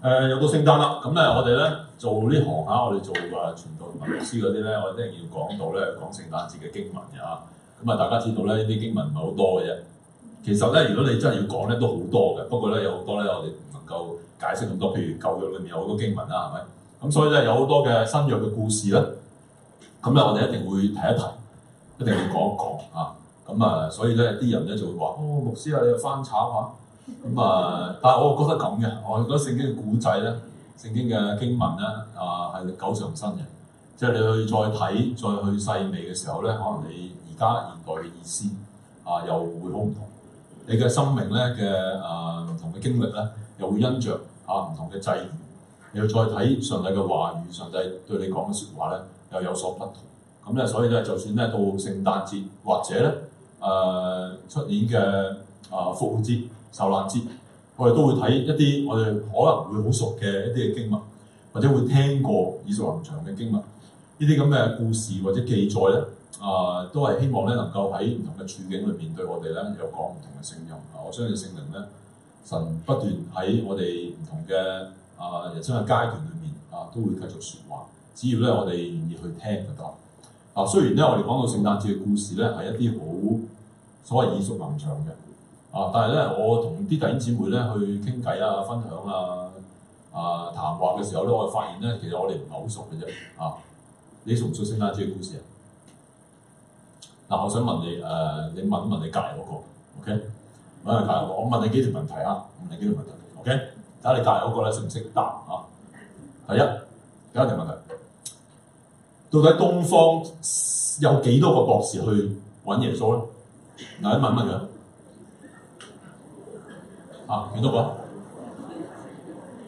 誒、呃、又到聖誕啦，咁咧我哋咧做呢行嚇，我哋做啊傳道同埋牧師嗰啲咧，我哋一定要講到咧講聖誕節嘅經文嘅嚇。咁啊、嗯、大家知道咧呢啲經文唔係好多嘅啫。其實咧如果你真係要講咧都好多嘅，不過咧有好多咧我哋唔能夠解釋咁多。譬如舊約裏面有好多經文啦，係、啊、咪？咁、嗯、所以咧有好多嘅新約嘅故事咧，咁、啊、咧、嗯、我哋一定會提一提，一定要講一講嚇。咁啊、嗯，所以咧啲人咧就會話：哦，牧師要啊，你又翻炒嚇。咁啊、嗯！但係我覺得咁嘅，我覺得聖經嘅古仔咧，聖經嘅經文咧，啊係久長新嘅，即係你去再睇再去細味嘅時候咧，可能你而家現代嘅意思啊、呃，又會好唔同。你嘅生命咧嘅啊唔同嘅經歷咧，又會因着啊唔同嘅際遇。你要再睇上帝嘅話語，上帝對你講嘅説話咧，又有所不同。咁、嗯、咧，所以咧，就算咧到聖誕節或者咧誒出年嘅啊復活節。受難節，我哋都會睇一啲我哋可能會好熟嘅一啲嘅經文，或者會聽過耳熟能詳嘅經文，呢啲咁嘅故事或者記載咧，啊、呃，都係希望咧能夠喺唔同嘅處境裏面，面對我哋咧，有講唔同嘅聲音、呃。我相信聖靈咧，神不斷喺我哋唔同嘅啊、呃、人生嘅階段裏面啊、呃，都會繼續説話，只要咧我哋願意去聽就得。啊、呃，雖然咧我哋講到聖誕節嘅故事咧，係一啲好所謂耳熟能詳嘅。啊！但係咧，我同啲弟兄姊妹咧去傾偈啊、分享啊、啊談話嘅時候咧，我發現咧，其實我哋唔係好熟嘅啫。啊，你熟唔熟悉《呢珠故事啊》啊？嗱，我想問你誒、呃，你問一問你隔離嗰、那個，OK？問下隔離我，我問你幾條問題啊？我問你幾條問題，OK？睇下你隔離嗰個咧識唔識答啊？第一，第一條問題，到底東方有幾多個博士去揾耶穌咧？嗱，你問乜佢。啊，幾多個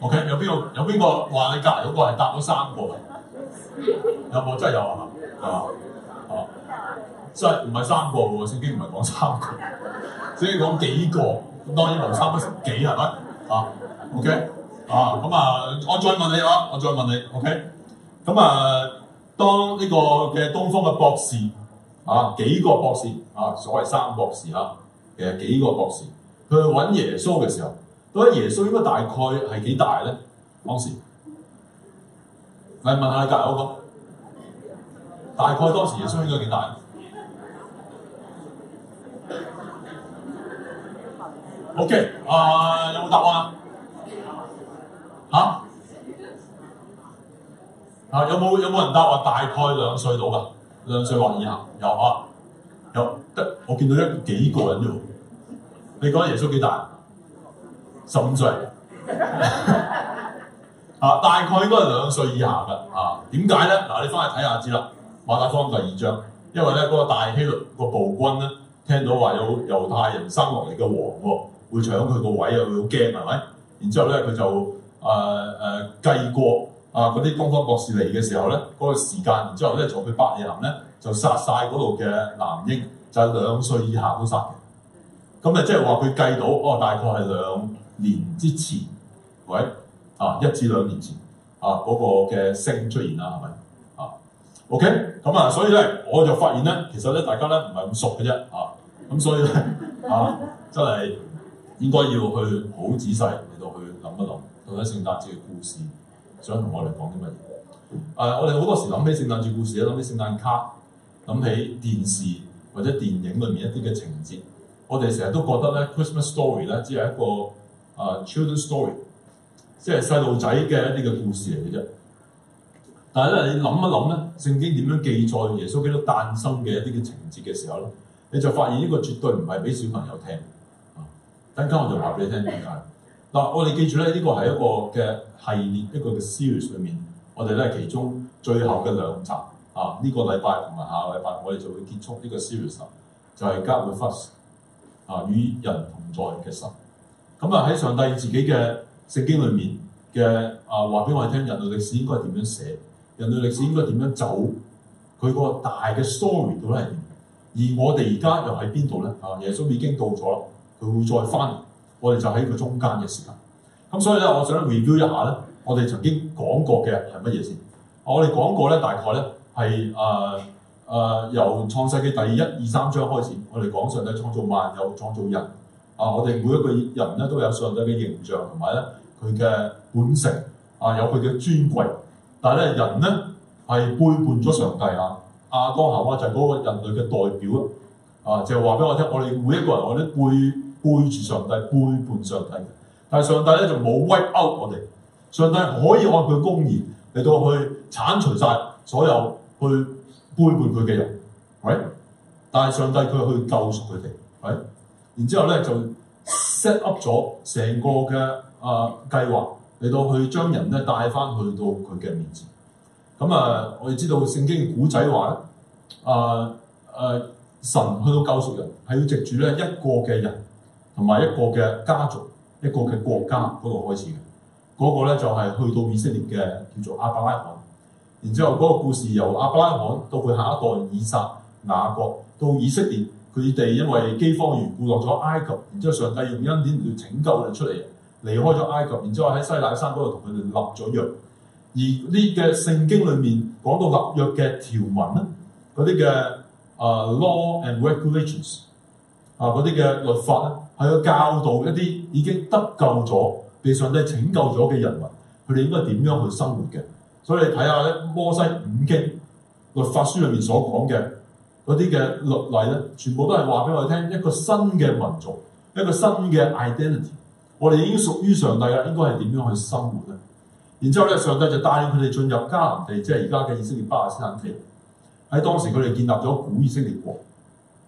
？OK，有邊個有邊個話你隔籬嗰個係答咗三個？ 有冇真係有啊？係、啊、嘛？啊，真係唔係三個喎，聖經唔係講三個，所以講幾個當然冇三百十幾係咪？啊，OK，啊咁啊，我再問你啊，我再問你 OK，咁啊，當呢個嘅東方嘅博士啊幾個博士啊所謂三博士啊，其實幾個博士？啊佢去揾耶穌嘅時候，咁耶穌應該大概係幾大呢？當時你問下隔離嗰個，大概當時耶穌應該幾大？OK，啊、呃、有冇答案啊？啊，有冇有冇人答話大概兩歲到㗎，兩歲或以下有啊？有，有我見到一幾個人喎。你講耶穌幾大？十五歲啊， 大概應該係兩歲以下㗎啊？點解咧？嗱，你翻去睇下知啦，《馬太福音》第二章，因為咧嗰、那個大希律個暴君咧，聽到話有猶太人生落嚟嘅王喎、哦，會搶佢個位，佢好驚係咪？然之後咧，佢就誒誒計過啊，嗰、呃、啲東方博士嚟嘅時候咧，嗰、那個時間，然之後咧，就去伯利恒咧，就殺晒嗰度嘅男嬰，就係兩歲以下都殺。咁誒，即係話佢計到，哦，大概係兩年之前，喂，啊，一至兩年前，啊，嗰、那個嘅聲出現啦，係咪啊，OK，咁啊，okay? 所以咧，我就發現咧，其實咧，大家咧唔係咁熟嘅啫，啊，咁所以咧，啊，真係應該要去好仔細嚟到去諗一諗到底聖誕節嘅故事想同我哋講啲乜嘢？誒、啊，我哋好多時諗起聖誕節故事咧，諗起聖誕卡，諗起電視或者電影裏面一啲嘅情節。我哋成日都覺得咧，Christmas Story 咧，只係一個啊、uh, Children's Story，即係細路仔嘅一啲嘅故事嚟嘅啫。但係咧，你諗一諗咧，聖經點樣記載耶穌基督誕生嘅一啲嘅情節嘅時候咧，你就發現呢個絕對唔係俾小朋友聽。啊、等間我就話俾你聽點解。嗱、啊，我哋記住咧，呢、這個係一個嘅系列，一個嘅 series 裏面，我哋咧其中最後嘅兩集啊。呢、這個禮拜同埋下個禮拜，我哋就會結束呢個 series、啊、就係 God and Us 啊，與人同在嘅神，咁啊喺上帝自己嘅聖經裏面嘅啊話俾我哋聽，人類歷史應該點樣寫？人類歷史應該點樣走？佢個大嘅 story 到底係點？而我哋而家又喺邊度咧？啊，耶穌已經到咗啦，佢會再翻嚟，我哋就喺佢中間嘅時間。咁、啊、所以咧，我想 review 一下咧，我哋曾經講過嘅係乜嘢先？我哋講過咧，大概咧係啊。誒、呃、由創世記第一二三章開始，我哋講上帝創造萬有，創造人。啊，我哋每一個人咧都有上帝嘅形象，同埋咧佢嘅本性，啊有佢嘅尊貴。但係咧人咧係背叛咗上帝啊。亞當夏娃就係嗰個人類嘅代表啊，就話、係、俾我聽，我哋每一個人我哋背背住上帝，背叛上帝。但係上帝咧就冇 wipe out 我哋，上帝可以按佢公義嚟到去剷除晒所有去。背叛佢嘅人，係、right?，但係上帝佢去救贖佢哋，係、right?，然之後咧就 set up 咗成個嘅啊、呃、計劃嚟到去將人咧帶翻去到佢嘅面前。咁、嗯、啊、呃，我哋知道聖經嘅古仔話咧，啊、呃、誒、呃、神去到救贖人係要藉住咧一個嘅人同埋一個嘅家族、一個嘅國家度、那個、開始嘅。嗰個咧就係、是、去到以色列嘅叫做亞伯拉罕。然之後嗰個故事由亞伯拉罕到佢下一代以撒、雅各到以色列，佢哋因為饑荒嘅緣故落咗埃及，然之後上帝用恩典嚟拯救佢哋出嚟，離開咗埃及，然之後喺西奈山嗰度同佢哋立咗約。而呢嘅聖經裡面講到立約嘅條文咧，嗰啲嘅啊 law and regulations 啊嗰啲嘅律法咧，係要教導一啲已經得救咗、被上帝拯救咗嘅人民，佢哋應該點樣去生活嘅。所以你睇下咧，《摩西五經》律法書裏面所講嘅嗰啲嘅律例咧，全部都係話俾我哋聽一個新嘅民族，一個新嘅 identity。我哋已經屬於上帝啦，應該係點樣去生活咧？然之後咧，上帝就帶佢哋進入迦南地，即係而家嘅以色列巴勒斯坦地。喺當時佢哋建立咗古以色列國，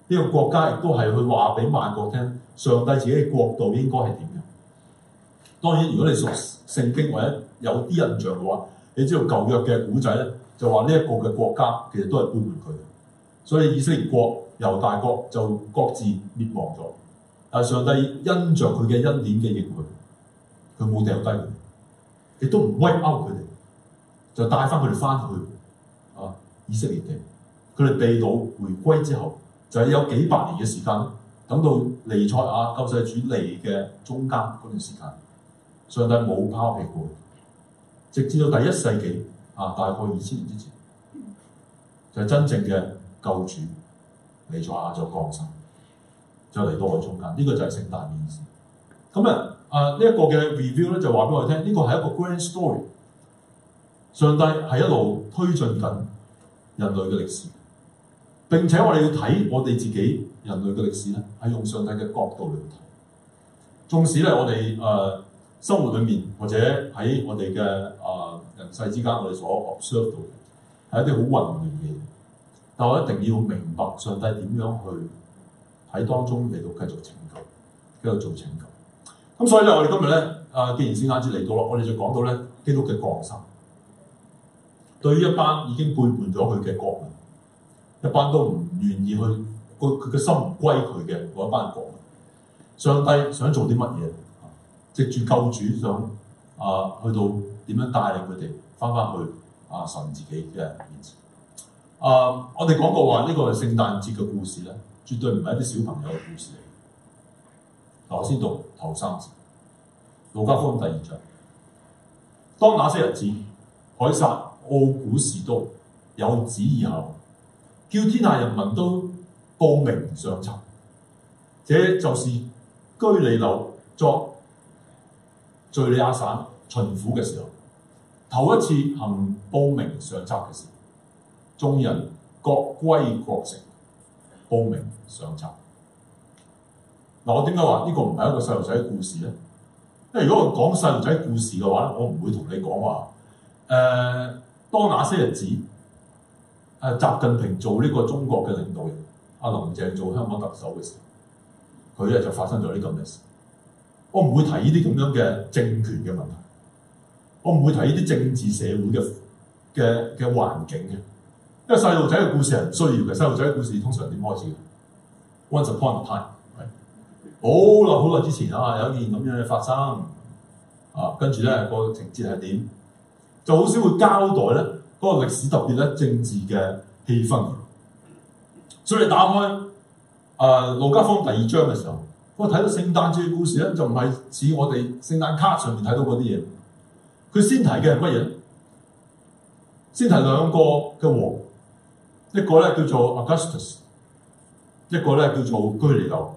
呢個國家亦都係去話俾萬國聽，上帝自己嘅國度應該係點嘅？當然，如果你熟聖經或者有啲印象嘅話，你知道舊約嘅古仔咧，就話呢一個嘅國家其實都係背叛佢，所以以色列國由大國就各自滅亡咗。但上帝因着佢嘅恩典嘅應許，佢冇掉低佢，亦都唔威毆佢哋，就帶翻佢哋翻去啊以色列地。佢哋被擄回歸之後，就係有幾百年嘅時間，等到彌賽亞救世主嚟嘅中間嗰段時間，上帝冇拋棄佢。直至到第一世紀，啊，大概二千年之前，就係、是、真正嘅救主嚟咗亞伯降生，就嚟到我中間。呢、這個就係聖誕嘅意思。咁啊，啊、呃這個、呢一個嘅 review 咧就話俾我哋聽，呢個係一個 grand story。上帝係一路推進緊人類嘅歷史，並且我哋要睇我哋自己人類嘅歷史咧，係用上帝嘅角度嚟睇。縱使咧我哋啊～、呃生活裏面，或者喺我哋嘅啊人世之間我，我哋所 observe 到嘅係一啲好混亂嘅嘢，但我一定要明白上帝點樣去喺當中嚟到繼續拯救，繼續做拯救。咁所以咧，我哋今日咧啊，既然先啱先嚟到咯，我哋就講到咧，基督嘅降生。對於一班已經背叛咗佢嘅國民，一班都唔願意去，佢佢嘅心唔歸佢嘅嗰一班國民，上帝想做啲乜嘢？藉住救主想啊、呃，去到點樣帶領佢哋翻翻去啊，神自己嘅面前啊。我哋講過話，呢、這個係聖誕節嘅故事咧，絕對唔係一啲小朋友嘅故事嚟。嗱，先讀頭三節《路加福音》第二章。當那些日子，海撒奧古士都有旨以後，叫天下人民都報名上層，這就是居里樓作。敘利亞省巡撫嘅時候，頭一次行報名上冊嘅事，眾人各歸各城，報名上冊。嗱，我點解話呢個唔係一個細路仔故事咧？即係如果我講細路仔故事嘅話，我唔會同你講話。誒、呃，當那些日子，誒、呃，習近平做呢個中國嘅領導人，阿、啊、林鄭做香港特首嘅時候，佢咧就發生咗呢咁嘅事。我唔會提呢啲咁樣嘅政權嘅問題，我唔會提呢啲政治社會嘅嘅嘅環境嘅，因為細路仔嘅故事係唔需要嘅。細路仔嘅故事通常點開始嘅？Once upon a time，係好耐好耐之前啊，有一件咁樣嘅發生啊，跟住咧個情節係點，就好少會交代咧嗰個歷史特別咧政治嘅氣氛。所以你打開啊路加福音第二章嘅時候。我睇到聖誕節嘅故事咧，就唔係似我哋聖誕卡上面睇到嗰啲嘢。佢先提嘅係乜嘢？先提兩個嘅王，一個咧叫做 Augustus，一個咧叫做居里友。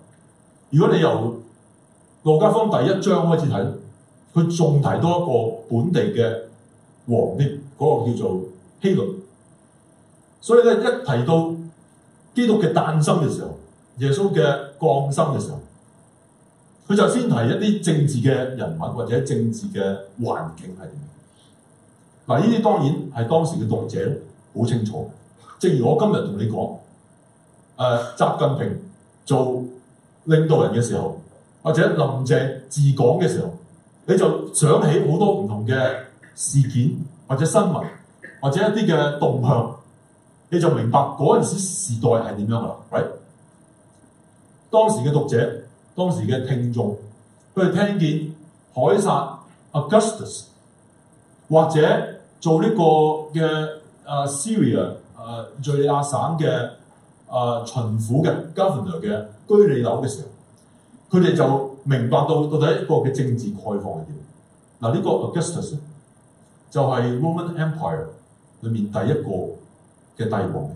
如果你由路加福音第一章開始睇，佢仲提到一個本地嘅王添，嗰、那個叫做希律。所以咧，一提到基督嘅誕生嘅時候，耶穌嘅降生嘅時候。佢就先提一啲政治嘅人物或者政治嘅環境係點樣。嗱，呢啲當然係當時嘅讀者，好清楚。正如我今日同你講，誒、呃、習近平做領導人嘅時候，或者林鄭治港嘅時候，你就想起好多唔同嘅事件或者新聞或者一啲嘅動向，你就明白嗰陣時，時代係點樣噶啦。喂、right？當時嘅讀者。當時嘅聽眾，佢哋聽見凱撒 Augustus 或者做呢個嘅啊、呃、Syria 啊敍利亞省嘅啊巡撫嘅 Governor 嘅居裏樓嘅時候，佢哋就明白到到底一個嘅政治概況係點。嗱、這、呢個 Augustus 就係 Roman Empire 裏面第一個嘅帝王，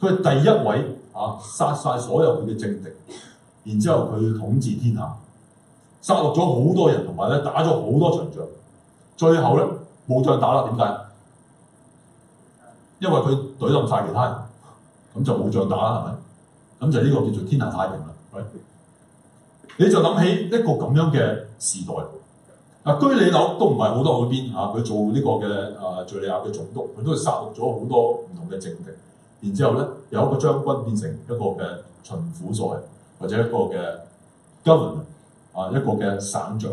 佢係第一位啊殺晒所有佢嘅政敵。然之後佢統治天下，殺戮咗好多人，同埋咧打咗好多場仗。最後咧冇再打啦，點解？因為佢懟冧曬其他人，咁就冇再打啦，係咪？咁就呢個叫做天下太平啦。喂，Right. 你就諗起一個咁樣嘅時代。嗱，居里樓都唔係好多嗰邊嚇，佢做呢個嘅啊敍利亞嘅總督，佢都係殺戮咗好多唔同嘅政敵。然之後咧有一個將軍變成一個嘅巡撫在。或者一個嘅 government 啊，一個嘅省長，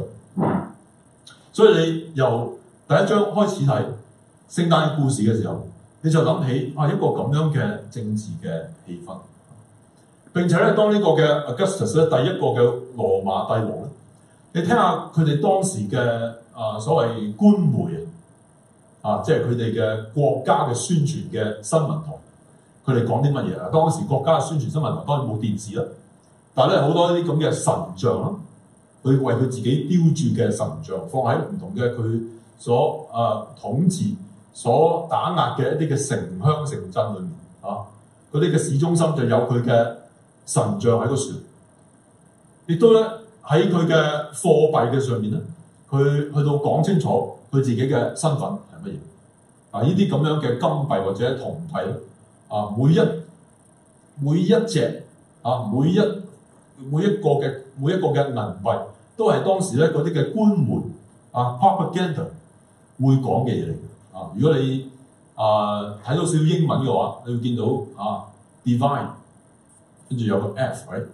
所以你由第一章開始睇聖誕故事嘅時候，你就諗起啊一個咁樣嘅政治嘅氣氛，啊。並且咧，當呢個嘅 Augustus 咧第一個嘅羅馬帝王，咧，你聽下佢哋當時嘅啊所謂官媒啊，啊即係佢哋嘅國家嘅宣傳嘅新聞台，佢哋講啲乜嘢啊？當時國家嘅宣傳新聞台當然冇電視啦。但係咧，好多呢啲咁嘅神像，佢為佢自己雕鑄嘅神像，放喺唔同嘅佢所啊、呃、統治、所打壓嘅一啲嘅城鄉城鎮裏面啊，佢哋嘅市中心就有佢嘅神像喺個船，亦都咧喺佢嘅貨幣嘅上面咧，佢去到講清楚佢自己嘅身份係乜嘢。嗱、啊，呢啲咁樣嘅金幣或者銅幣，啊，每一每一隻啊，每一每一個嘅每一個嘅文句都係當時咧嗰啲嘅官媒啊、uh，propaganda 會講嘅嘢嚟嘅啊。如果你啊睇到少少英文嘅話，你會見到啊、uh，divine 跟住有個 f，right？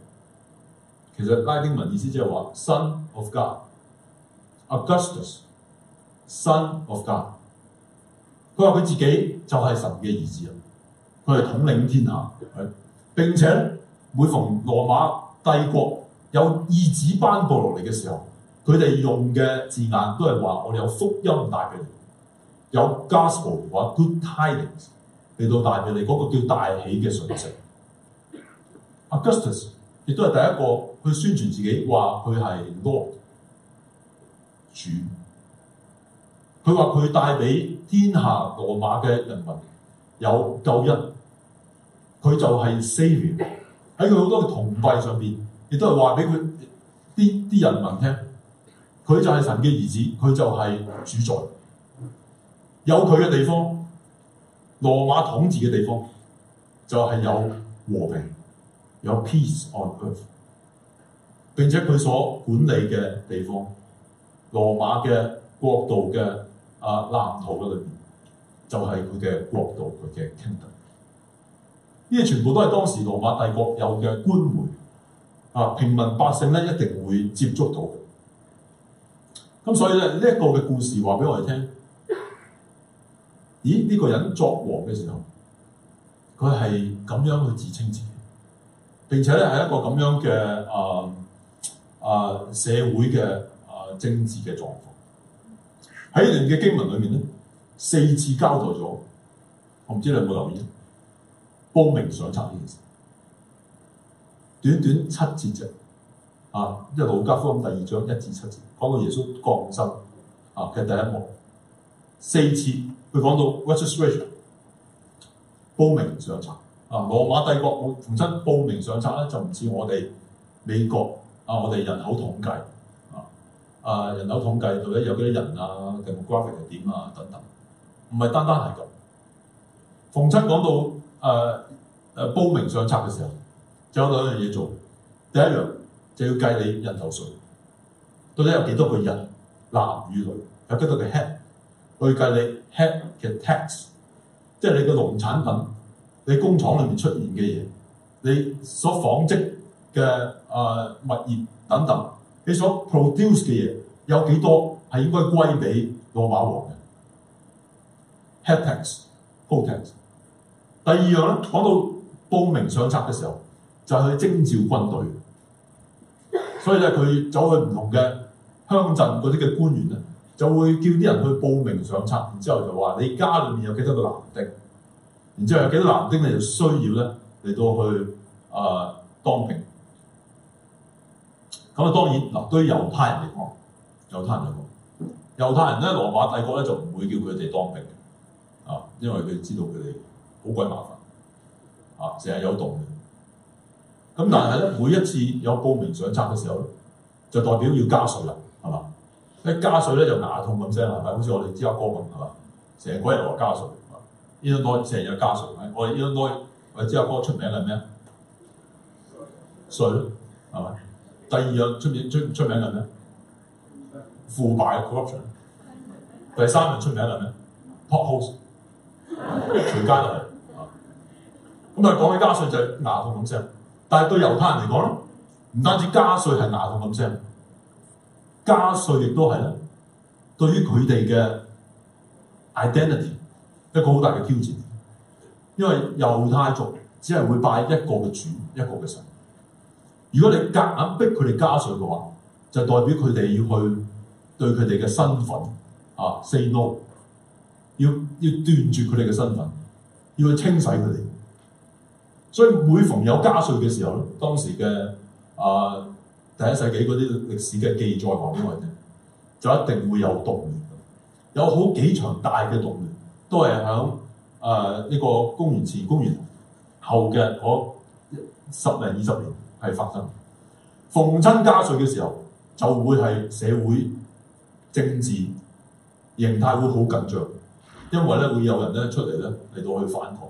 其實拉丁文意思即係話 son of God，Augustus，son of God。佢話佢自己就係神嘅兒子，佢係統領天下，佢，right？並且每逢羅馬。帝國有二子頒佈落嚟嘅時候，佢哋用嘅字眼都係話我哋有福音帶俾你，有 Gospel or good tidings 嚟到帶俾你嗰個叫大喜嘅訊息。Augustus 亦都係第一個去宣傳自己話佢係 Lord 主，佢話佢帶俾天下羅馬嘅人民有救恩，佢就係 Savior。喺佢好多嘅銅幣上邊，亦都係話俾佢啲啲人民聽，佢就係神嘅兒子，佢就係主宰。有佢嘅地方，羅馬統治嘅地方就係、是、有和平，有 peace on earth。並且佢所管理嘅地方，羅馬嘅國度嘅啊藍圖嘅裏面，就係佢嘅國度，佢嘅 kingdom。呢啲全部都係當時羅馬帝國有嘅官媒啊，平民百姓咧一定會接觸到。咁、啊、所以咧，呢、這、一個嘅故事話俾我哋聽。咦？呢、這個人作王嘅時候，佢係咁樣去自稱自己，並且咧係一個咁樣嘅啊啊社會嘅啊政治嘅狀況。喺人嘅經文裏面咧，四次交代咗。我唔知你有冇留意。報名上冊呢件事，短短七節啫啊！因為路加福音第二章一至七節講到耶穌降生啊，其第一幕四次佢講到 registration 報名上冊啊。羅馬帝國我逢親報名上冊咧，就唔似我哋美國啊，我哋人口統計啊啊人口統計到底有幾多人啊？定個 graph 係點啊？等等，唔係單單係咁逢親講到。誒誒、uh, uh, 報名上冊嘅時候，就有兩樣嘢做。第一樣就要計你人頭稅，到底有幾多個人，男與女，有幾多個 head，去計你 head 嘅 tax，即係你嘅農產品、你工廠裏面出現嘅嘢、你所紡織嘅誒、呃、物業等等，你所 produce 嘅嘢有幾多係應該歸俾羅馬王嘅、uh. head tax，goods tax。第二樣咧，講到報名上冊嘅時候，就係去徵召軍隊，所以咧佢走去唔同嘅鄉鎮嗰啲嘅官員咧，就會叫啲人去報名上冊。然之後就話你家裏面有幾多個男丁，然之後有幾多男丁你就需要咧嚟到去啊、呃、當兵。咁啊，當然嗱、啊，對於猶太人嚟講，猶太人嚟講，猶太人咧，羅馬帝國咧就唔會叫佢哋當兵啊，因為佢知道佢哋。好鬼麻煩啊！成日有洞嘅，咁、啊、但係咧，每一次有報名上冊嘅時候咧，就代表要加稅啦，係嘛？一加稅咧就牙痛咁聲，係咪？好似我哋芝加哥咁係嘛？成日講人話加稅，應該成日加稅嘅。我哋應該我哋芝加哥出名係咩？稅，係嘛？第二樣出名出出名係咩？腐敗 corruption。第三樣出名係咩？Potholes 隨街落嚟。 咁啊，講起加稅就係牙痛咁聲。但係對猶太人嚟講咧，唔單止加稅係牙痛咁聲，加稅亦都係咧。對於佢哋嘅 identity 一個好大嘅挑戰，因為猶太族只係會拜一個嘅主，一個嘅神。如果你夾硬逼佢哋加稅嘅話，就代表佢哋要去對佢哋嘅身份啊 say no，要要斷絕佢哋嘅身份，要去清洗佢哋。所以每逢有加稅嘅時候咧，當時嘅啊、呃、第一世紀嗰啲歷史嘅記載內邊咧，就一定會有動亂，有好幾場大嘅動亂都係喺啊呢個公元前、公元後嘅十零二十年係發生。逢親加稅嘅時候，就會係社會政治形態會好緊張，因為咧會有人咧出嚟咧嚟到去反抗。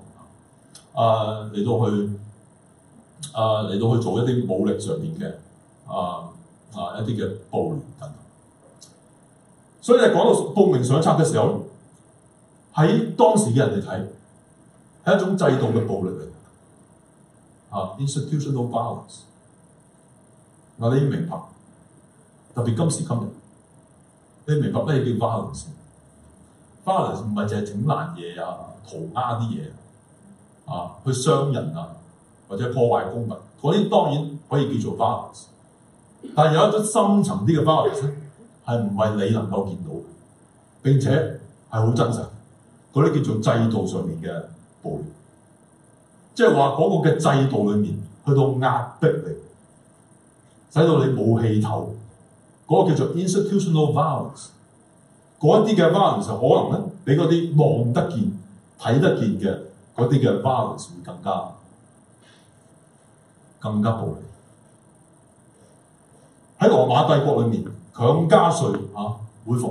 啊，嚟、uh, 到去啊，嚟、uh, 到去做一啲武力上面嘅啊啊一啲嘅暴力等等。所以你講到報名上冊嘅時候，喺當時嘅人嚟睇，係一種制度嘅暴力嚟。啊、uh，institutional violence。嗱，你明白？特別今時今日，你明白咩叫 violence？violence 唔係淨係整爛嘢啊、塗鴉啲嘢。啊！去傷人啊，或者破壞公物嗰啲，當然可以叫做 violence。但有一種深層啲嘅 violence 咧，係唔係你能夠見到嘅？並且係好真實嗰啲叫做制度上面嘅暴力，即係話嗰個嘅制度裡面去到壓迫你，使到你冇氣頭嗰、嗰個叫做 institutional violence。嗰啲嘅 violence 可能咧，比嗰啲望得見、睇得見嘅。嗰啲嘅 violence 會更加更加暴力。喺羅馬帝國裏面強加稅嚇、啊，每逢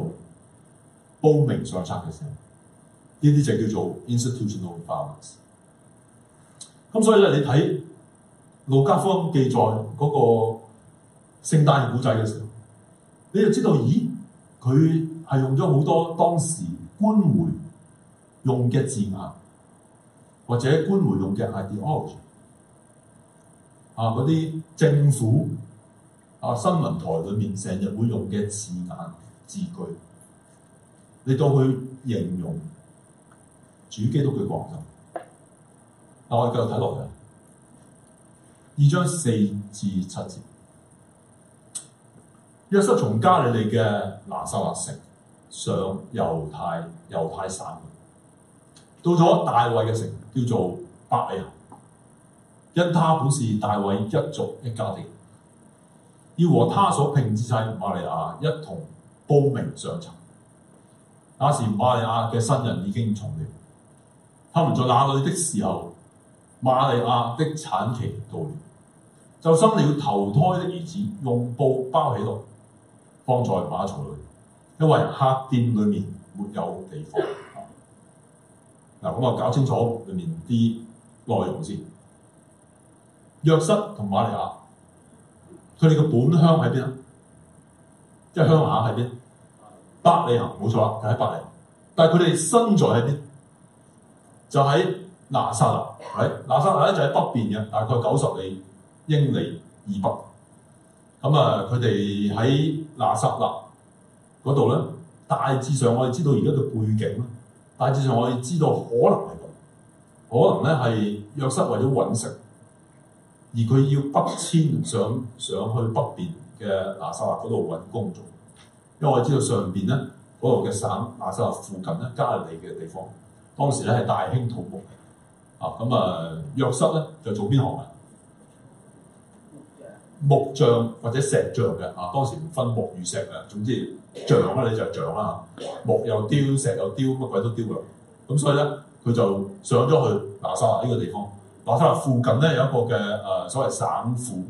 報名,報名上冊嘅時候，呢啲就叫做 institutional violence。咁所以咧，你睇路家芳記載嗰個聖誕嘅故仔嘅時候，你就知道，咦？佢係用咗好多當時官媒用嘅字眼。或者官媒用嘅 ideology，啊嗰啲政府啊新聞台裏面成日會用嘅字眼字句，你都去形容主基督嘅講音。我哋繼續睇落去，嗯、二章四至七節，約瑟從加利利嘅拿撒勒城上猶太猶太山。到咗大衛嘅城，叫做伯利恆，因他本是大衛一族一家庭，要和他所聘之妻瑪利亞一同報名上冊。那時瑪利亞嘅身孕已經重了，他們在那裏的時候，瑪利亞的產期到了，就生了頭胎的兒子，用布包起嚟，放在馬槽裏，因為客店裏面沒有地方。 嗱，咁啊，搞清楚裏面啲內容先。約瑟同瑪利亞，佢哋嘅本鄉喺邊啊？即係鄉下喺邊？伯利恆，冇錯啦，就喺伯利恆。但係佢哋身在喺邊？就喺拿撒勒。喺拿撒勒咧，就喺北邊嘅，大概九十里英里以北。咁啊，佢哋喺拿撒勒嗰度咧，大致上我哋知道而家嘅背景啦。大致上我哋知道可能係咁，可能咧係約瑟為咗揾食，而佢要北遷上上去北邊嘅拿撒勒嗰度揾工作，因為我知道上邊咧嗰度嘅省拿撒勒附近咧，加利利嘅地方，當時咧係大興土木，嘅，啊，咁啊約瑟咧就做邊行啊？木像或者石像嘅，啊，當時唔分木與石嘅。總之像啦你就像啦、啊，木又雕，石又雕，乜鬼都雕嘅，咁所以咧佢就上咗去拿撒勒呢個地方。拿撒勒附近咧有一個嘅誒、啊、所謂省府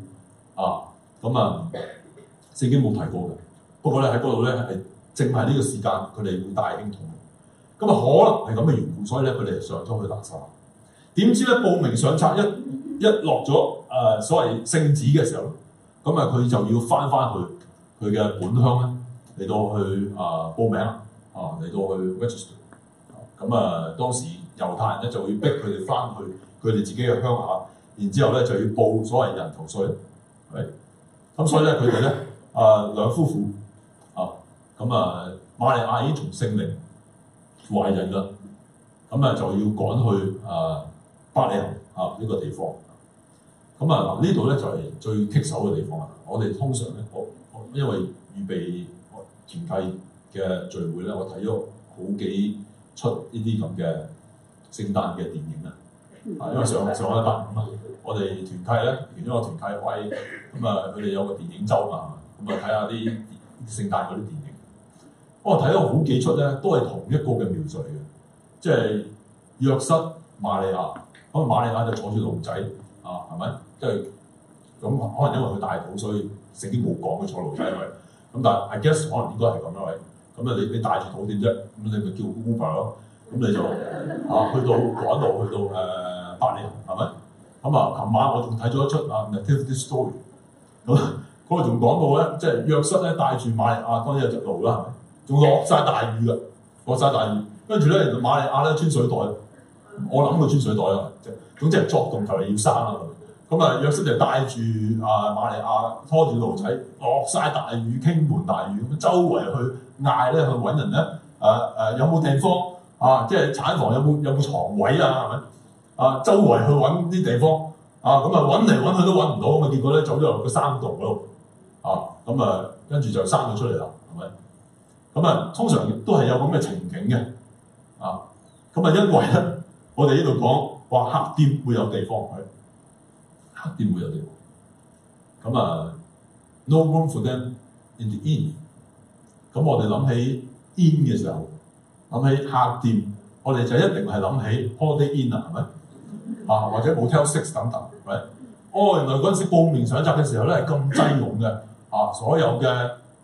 啊，咁啊聖經冇提過嘅，不過咧喺嗰度咧係正係呢個時間佢哋會大興土木，咁啊可能係咁嘅緣故，所以咧佢哋上咗去拿撒勒。點知咧報名上冊一一落咗誒、呃、所謂聖旨嘅時候，咁啊佢就要翻翻去佢嘅本鄉咧，嚟到去啊、呃、報名，啊嚟到去 register、啊。咁啊當時猶太人咧就要逼佢哋翻去佢哋自己嘅鄉下，然之後咧就要報所謂人頭稅，係、啊、咁、啊、所以咧佢哋咧啊兩夫婦啊，咁啊瑪利亞已經從聖靈懷孕啦，咁啊，啊就要趕去啊。巴里亞啊！呢個地方咁、嗯、啊，嗱呢度咧就係、是、最棘手嘅地方啦。我哋通常咧，我我因為預備團契嘅聚會咧，我睇咗好幾出呢啲咁嘅聖誕嘅電影啊。啊，因為上上個禮拜五我哋團契咧，其中個團契威咁啊，佢哋、嗯嗯嗯、有個電影周嘛，咁啊睇下啲聖誕嗰啲電影。我睇咗好幾出咧，都係同一個嘅描述嘅，即係約瑟瑪利亞。可能馬利亞就坐住驢仔啊，係咪？即係咁、嗯、可能因為佢大肚，所以成啲冇講嘅坐驢仔佢。咁、嗯、但係 I guess 可能都係咁啦，喂。咁啊，你你帶住肚點啫？咁你咪叫 Uber 咯。咁你就，ber,、嗯、你就啊，去到趕路，去到誒伯利恆，係、呃、咪？咁、嗯、啊，琴晚我仲睇咗一出啊《Nativity Story》。咁、嗯、嗰、那個仲講到咧，即係約瑟咧帶住馬利亞當日隻驢啦，係咪？仲落晒大雨啊，落晒大雨，跟住咧馬利亞咧穿水袋。我諗佢穿水袋 uk, 啊，即係總之係作動就係要生啦。咁啊，約瑟就帶住啊馬利亞拖住路仔，落晒大雨傾盆大雨咁，周圍去嗌咧去揾人咧，誒誒有冇地方啊？即係產房有冇有冇牀位啊？係咪啊？周圍去揾啲地方啊。咁啊揾嚟揾去都揾唔到啊！結果咧走咗入個山洞度啊，咁啊跟住就生咗出嚟啦，係咪？咁啊，通常都係有咁嘅情景嘅啊。咁啊，因為咧。我哋呢度講話客店會有地方去，客店會有地方。咁啊，No room for them in the inn。咁我哋諗起 inn 嘅時候，諗起客店，我哋就一定係諗起 holiday inn 啊，係咪？啊，或者 hotel six 等等，係哦，原來嗰陣時報名上冊嘅時候咧，係咁擠擁嘅，啊，所有嘅誒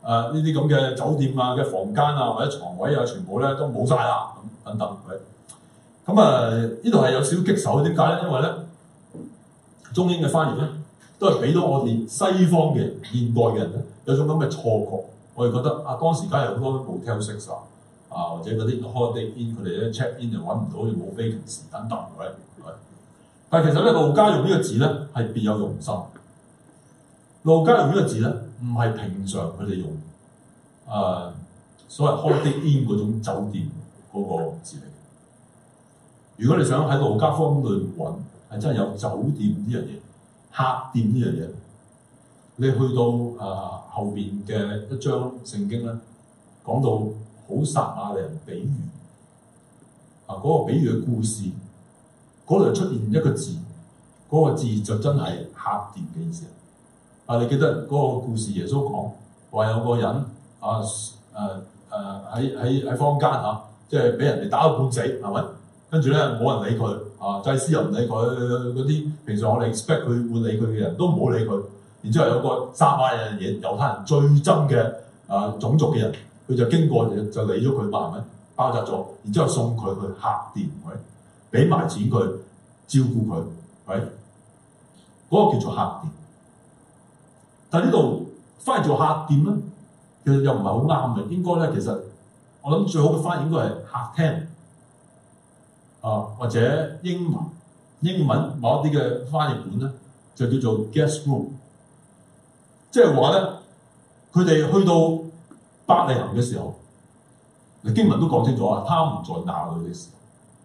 呢啲咁嘅酒店啊嘅房間啊或者床位啊全部咧都冇晒啦，等等，係咁啊，嗯、呢度係有少少棘手，點解咧？因為咧，中英嘅翻譯咧，都係俾到我哋西方嘅現代嘅人咧，有種咁嘅錯覺，我哋覺得啊，當時梗係好多冇 check in 啊，啊或者嗰啲 Holiday Inn check in，佢哋咧 check in 就揾唔到，又冇 vacancy 等等，係係。但係其實咧，路加用呢個字咧係別有用心。路加用呢個字咧，唔係平常佢哋用誒、啊、所謂 Holiday Inn 嗰種酒店嗰、那個字嚟。如果你想喺路加福音度揾，係真係有酒店呢樣嘢、客店呢樣嘢。你去到啊、呃、後邊嘅一章聖經咧，講到好撒瑪利亞人比喻啊，嗰、那個比喻嘅故事嗰度出現一個字，嗰、那個字就真係客店嘅意思。啊，你記得嗰個故事耶穌講，耶穌講話有個人啊啊啊喺喺喺坊間嚇、啊，即係俾人哋打到半死，係咪？跟住咧冇人理佢，啊，祭司又唔理佢，嗰啲平常我哋 expect 佢會理佢嘅人都冇理佢。然之後有個撒馬利亞人，猶太人最憎嘅啊種族嘅人，佢就經過就理咗佢，係咪？包紮咗，然之後送佢去客店，喂，俾埋錢佢照顧佢，喂，嗰、那個叫做客店。但呢度翻嚟做客店咧，其實又唔係好啱嘅。應該咧，其實我諗最好嘅翻譯應該係客廳。啊，或者英文英文某一啲嘅翻譯本咧，就叫做 guest room，即係話咧，佢哋去到伯利恆嘅時候，經文都講清楚啊，他唔在那裏嘅時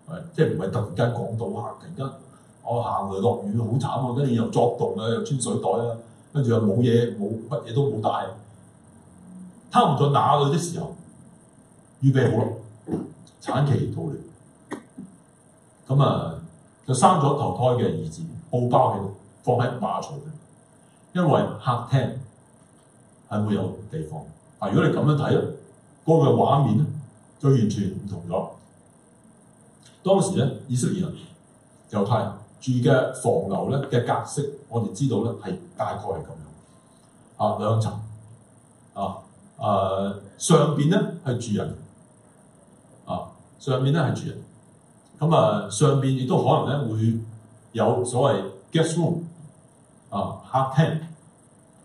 候，即係唔係突然間趕到行，啊，突然間我行雷落雨好慘啊，跟住又作動啊，又穿水袋啊，跟住又冇嘢冇乜嘢都冇帶，他唔在那裏的時候，預備好咯，產期到嚟。咁啊，就生咗頭胎嘅兒子，布包嘅放喺馬槽嘅，因為客廳係會有地方。嗱、啊，如果你咁樣睇，嗰、那個畫面咧就完全唔同咗。當時咧，以色列人就、猶太人住嘅房樓咧嘅格式，我哋知道咧係大概係咁樣。啊，兩層。啊，誒、呃、上邊咧係住人。啊，上邊咧係住人。咁啊、嗯，上邊亦都可能咧會有所謂 guest room 啊，客廳，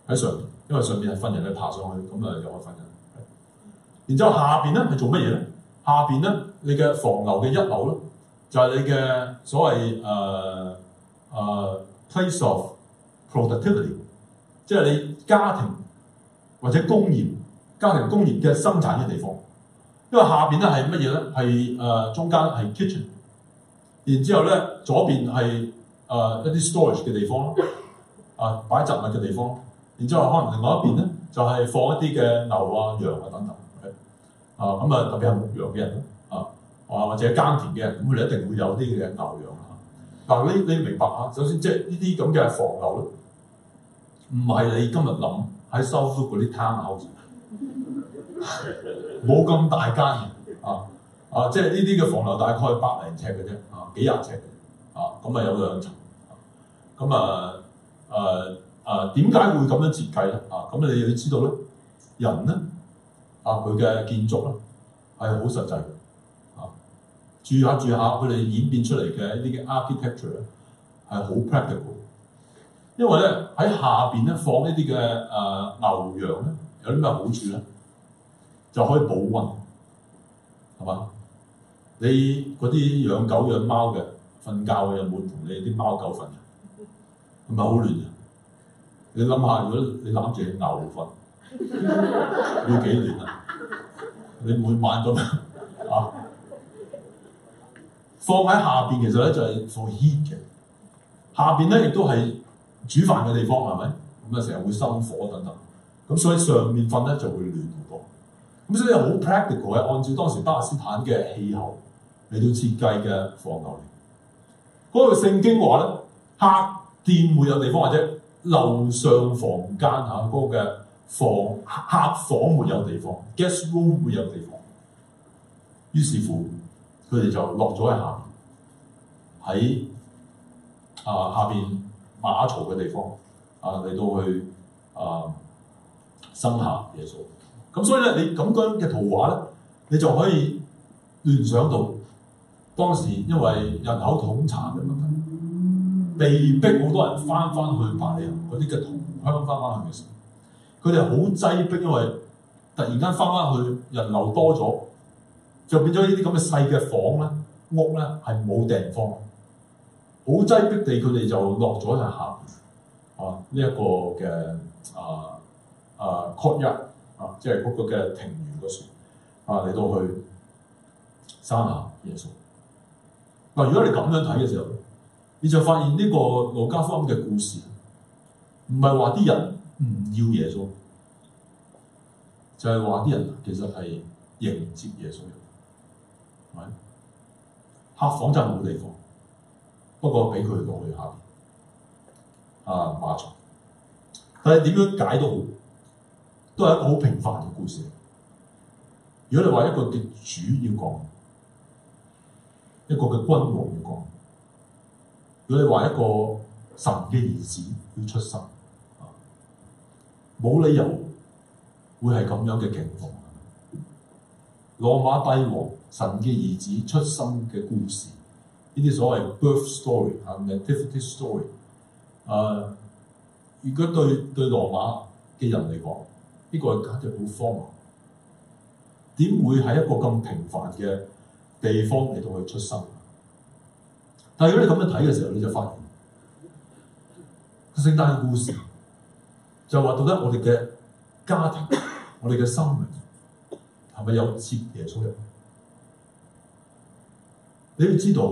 喺上邊，因為上邊係瞓人去爬上去，咁啊又有瞓人。然之後下邊咧係做乜嘢咧？下邊咧你嘅房樓嘅一樓咧，就係你嘅所謂誒誒 place of productivity，即係你家庭或者工業、家庭工業嘅生產嘅地方。因為下邊咧係乜嘢咧？係誒、呃、中間係 kitchen。然之後咧，左邊係誒一啲 storage 嘅地方啊，擺雜物嘅地方。然之後可能另外一邊咧，就係、是、放一啲嘅牛啊、羊啊等等。啊咁啊、嗯，特別係牧羊嘅人啊，啊或者耕田嘅人，咁佢哋一定會有啲嘅牛羊。嗱、啊，但你你明白啊？首先即係呢啲咁嘅房牛咯，唔係你今日諗喺收租嗰啲攤口住，冇咁大間啊！啊，即係呢啲嘅房樓大概百零尺嘅啫，啊幾廿尺，啊咁啊有兩層，咁啊誒誒點解會咁樣設計咧？啊，咁你又要知道咧，人咧啊佢嘅建築咧係好實際嘅，啊住下住下佢哋演變出嚟嘅一啲嘅 architecture 咧係好 practical，因為咧喺下邊咧放呢啲嘅誒牛羊咧有啲咩好處咧，就可以保溫，係嘛？你嗰啲養狗養貓嘅瞓覺有冇同你啲貓狗瞓，係咪好亂啊？你諗下，如果你攬住牛瞓，要幾暖啊？你每晚咁 啊，放喺下邊其實咧就係放熱嘅，下邊咧亦都係煮飯嘅地方，係咪？咁啊成日會生火等等，咁所以上面瞓咧就會暖好多。咁所以好 practical 嘅，按照當時巴勒斯坦嘅氣候。嚟到設計嘅房樓，嗰、那個聖經話咧，客店沒有地方，或者樓上房間嚇嗰嘅房客房沒有地方，guest room 沒有地方。於是乎，佢哋就落咗喺下面，喺啊、呃、下邊馬槽嘅地方啊嚟、呃、到去啊生、呃、下耶穌。咁所以咧，你咁樣嘅圖畫咧，你就可以聯想到。當時因為人口統查嘅問題，被逼好多人翻翻去伯利恆，嗰啲嘅同鄉翻翻去嘅時候，佢哋好擠迫，因為突然間翻翻去人流多咗，就變咗呢啲咁嘅細嘅房咧、屋咧係冇地方，好擠迫地佢哋就落咗就下啊呢一、這個嘅啊啊確認啊，即係嗰個嘅庭園嘅船啊嚟到去山下耶穌。嗱，如果你咁樣睇嘅時候，你就發現呢個羅家方嘅故事唔係話啲人唔要耶穌，就係話啲人其實係迎接耶穌，係咪？客房就冇地方，不過俾佢落去下邊啊馬槽，但係點樣解都好，都係一個好平凡嘅故事。如果你話一個嘅主要講。一個嘅君王嚟講，如果你話一個神嘅兒子要出生，啊，冇理由會係咁樣嘅境況。啊、羅馬帝王神嘅兒子出生嘅故事，呢啲所謂 birth story 啊，nativity story，啊，如果對對羅馬嘅人嚟講，呢、這個係簡直好荒謬，點會係一個咁平凡嘅？地方你都可以出生，但係如果你咁樣睇嘅時候，你就發現聖誕嘅故事就話到底，我哋嘅家庭、 我哋嘅生命係咪有接耶穌入嚟？你要知道，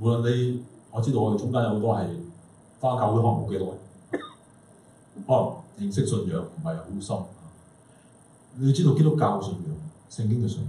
無論你我知道我哋中間有好多係返教會可能冇幾耐，可能、 啊、認識信仰唔係好深。你要知道基督教信仰、聖經嘅信仰，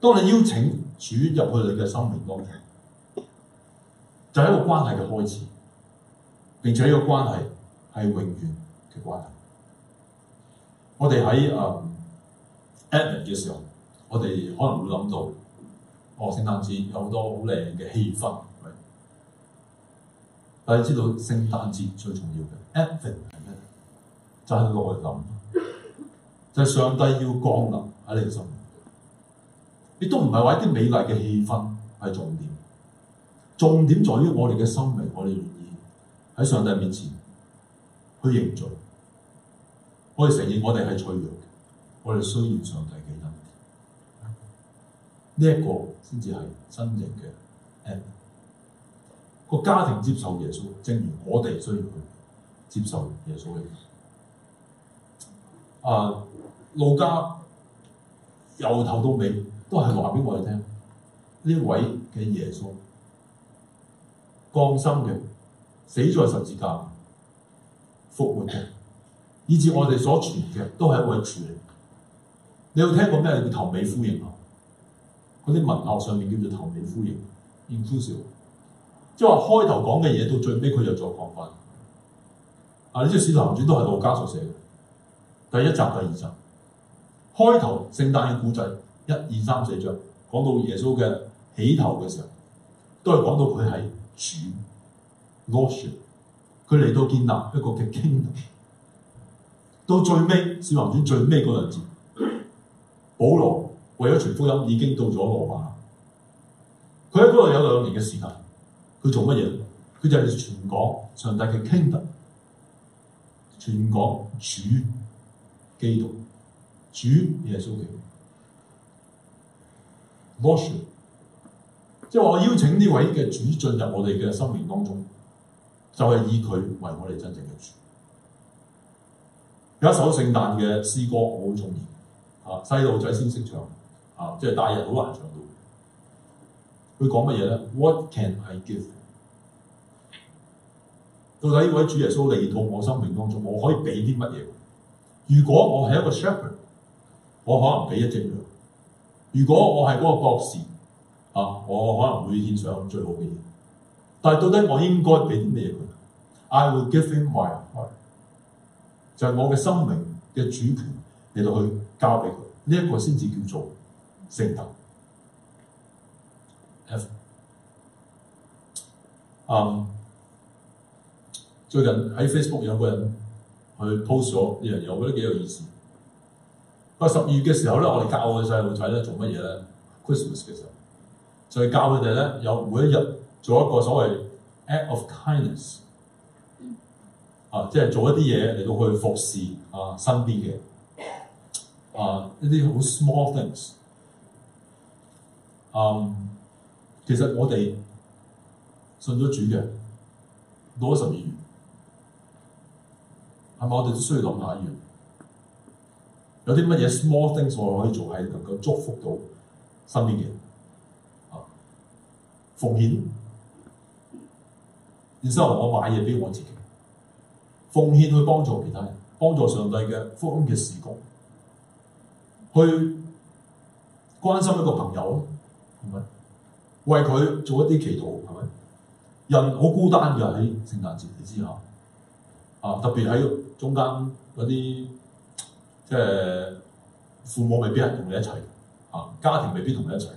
當你邀請主入去你嘅生命當中，就係、是、一個關係嘅開始，並且呢個關係係永遠嘅關係。我哋喺誒、uh, Advent 嘅時候，我哋可能會諗到，哦，聖誕節有好多好靚嘅氣氛。但係你知道聖誕節最重要嘅 Advent 係咩？就係來臨，就係、是、上帝要降臨喺你嘅生命。亦都唔係話一啲美麗嘅氣氛係重點，重點在於我哋嘅生命，我哋願意喺上帝面前去認罪，我哋承認我哋係脆弱嘅，我哋需要上帝嘅恩典。呢一個先至係真正嘅誒個家庭接受耶穌，正如我哋需要去接受耶穌嘅、呃。啊，路加由頭到尾。都係話俾我哋聽，呢位嘅耶穌降生嘅，死咗喺十字架，復活嘅，以至我哋所傳嘅都係一位主嚟。你有聽過咩叫頭尾呼應啊？嗰啲文學上面叫做頭尾呼應 inclusio 即係話開頭講嘅嘢到最尾佢又再講翻。啊，呢啲小男主都係路加所寫嘅，第一集、第二集，開頭聖誕嘅古仔。一二三四章講到耶穌嘅起頭嘅時候，都係講到佢係主，lordship。佢嚟到建立一個嘅 kingdom。到最尾《使徒行傳》最尾嗰兩節，保羅為咗傳福音已經到咗羅馬。佢喺嗰度有兩年嘅時間，佢做乜嘢？佢就係全港上帝嘅 kingdom，全港主基督主耶穌基督。多樹，即係、sure. 我邀請呢位嘅主進入我哋嘅生命當中，就係、是、以佢為我哋真正嘅主。有一首聖誕嘅詩歌，我好中意，啊，細路仔先識唱，啊，即係大人好難唱到。佢講乜嘢咧？What can I give？到底呢位主耶穌嚟到我生命當中，我可以俾啲乜嘢？如果我係一個 s h e p h e r，我可能俾一隻羊。如果我係嗰個博士，啊，我可能會獻上最好嘅嘢。但係到底我應該俾啲咩佢？I will give him my heart， 就係我嘅生命嘅主權你到去交俾佢。呢、這、一個先至叫做聖誕。F 啊、um，最近喺 Facebook 有個人去 post 咗一樣嘢，我覺得幾有意思。個十二月嘅時候咧，我哋教個細路仔咧做乜嘢咧？Christmas 嘅時候，就係、是、教佢哋咧有每一日做一個所謂 Act of Kindness，啊，即係做一啲嘢嚟到去服侍啊身邊嘅啊一啲好 small things。啊，其實我哋信咗主嘅，到咗十二月，係咪我哋需要諗下一樣。有啲乜嘢 small things 我可以做，係能夠祝福到身邊嘅啊奉獻，然之後我買嘢俾我自己，奉獻去幫助其他人，幫助上帝嘅福音嘅事局去關心一個朋友，係咪？為佢做一啲祈禱，係咪？人好孤單嘅喺聖誕節，你知嚇啊！特別喺中間嗰啲。即係父母未必係同你一齊，啊家庭未必同你一齊，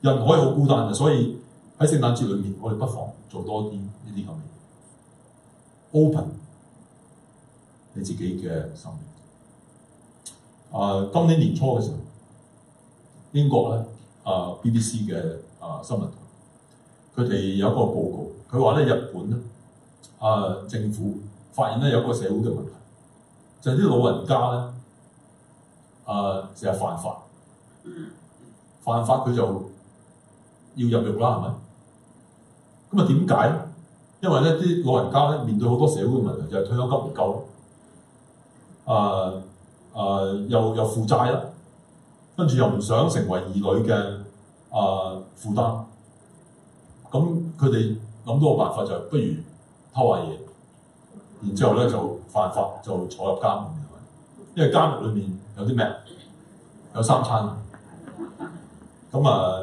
人可以好孤單嘅，所以喺聖誕節裏面，我哋不妨做多啲呢啲咁嘅嘢，open 你自己嘅生命。啊、呃，今年年初嘅時候，英國咧啊、呃、BBC 嘅啊、呃、新聞，佢哋有一個報告，佢話咧日本咧啊、呃、政府發現咧有一個社會嘅問題，就係、是、啲老人家咧。啊！成日、呃、犯法，犯法佢就要入獄啦，係咪？咁啊點解？因為咧啲老人家咧面對好多社會嘅問題，就係退休金唔夠，啊、呃、啊、呃、又又負債啦，跟住又唔想成為兒女嘅啊負擔，咁佢哋諗到個辦法就係不如偷下嘢，然之後咧就犯法就坐入監獄，因為監獄裏面。有啲咩？有三餐。咁、嗯、啊，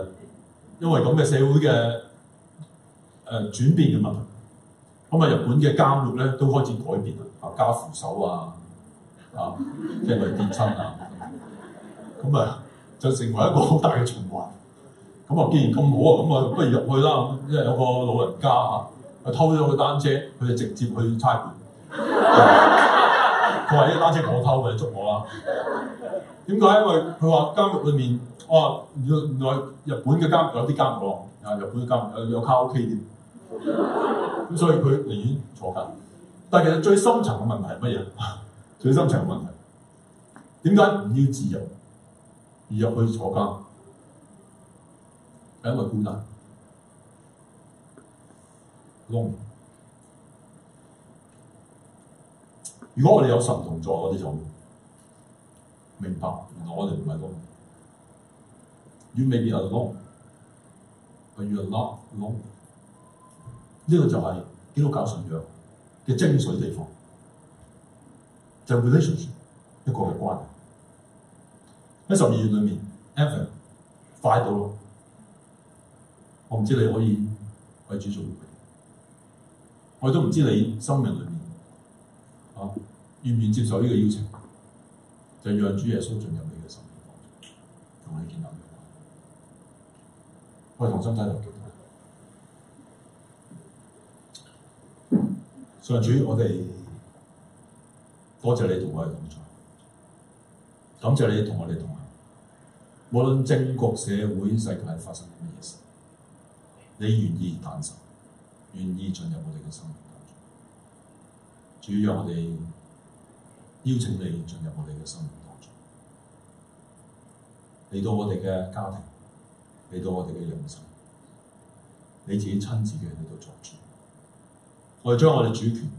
因為咁嘅社會嘅誒、呃、轉變嘅問題，咁、嗯、啊日本嘅監獄咧都開始改變啦，啊加扶手啊，啊即係、就是、跌親啊，咁、嗯、啊就成為一個好大嘅循環。咁、嗯、啊，既然咁好啊，咁、嗯、啊不如入去啦，因為有個老人家啊佢偷咗個單車，佢就直接去差館。嗯 我話啲單車我偷嘅，你捉我啦！點解？因為佢話監獄裏面，我、哦、話原來日本嘅監獄有啲監獄，啊，日本監獄有有卡 O K 啲，咁所以佢寧願坐監。但其實最深層嘅問題係乜嘢？最深層嘅問題點解唔要自由而入去坐監？係因為孤單。龍。如果我哋有神同在，我哋就明白。我哋唔係咁，you may be alone, but you are not alone。呢個就係基督教信仰嘅精髓地方，就係 relationship 一個嘅關係。喺十二月裏面，even 快到咯。 Evan, them, 我唔知你可以可以主做，我都唔知你生命裏。願唔願接受呢個邀請，就是，讓主耶穌進入你嘅生命同你建立關係。我哋同心站立，主 上主，我哋多謝你同我哋同在，感謝你同我哋同行。無論政局、社會、世界發生乜嘢事，你願意誕生，願意進入我哋嘅生活。主要讓我哋邀請你進入我哋嘅生命當中，嚟到我哋嘅家庭，嚟到我哋嘅人生，你自己親自嘅喺度作主。我哋將我哋主權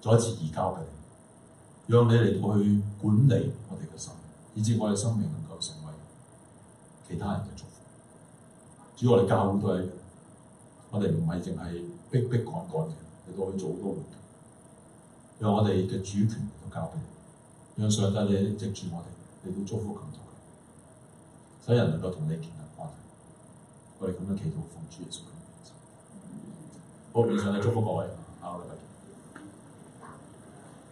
再一次移交俾你，讓你嚟到去管理我哋嘅生命，以至我哋生命能夠成為其他人嘅祝福。主要我哋教會都係，我哋唔係淨係逼逼趕趕嘅嚟到去做好多活動。讓我哋嘅主權都交俾你，讓上帝直植住我哋，嚟到祝福更多，使人能夠同你建立關係。我哋咁樣祈禱奉主耶穌名。嗯、好，上帝祝福各位，好，下個禮拜見。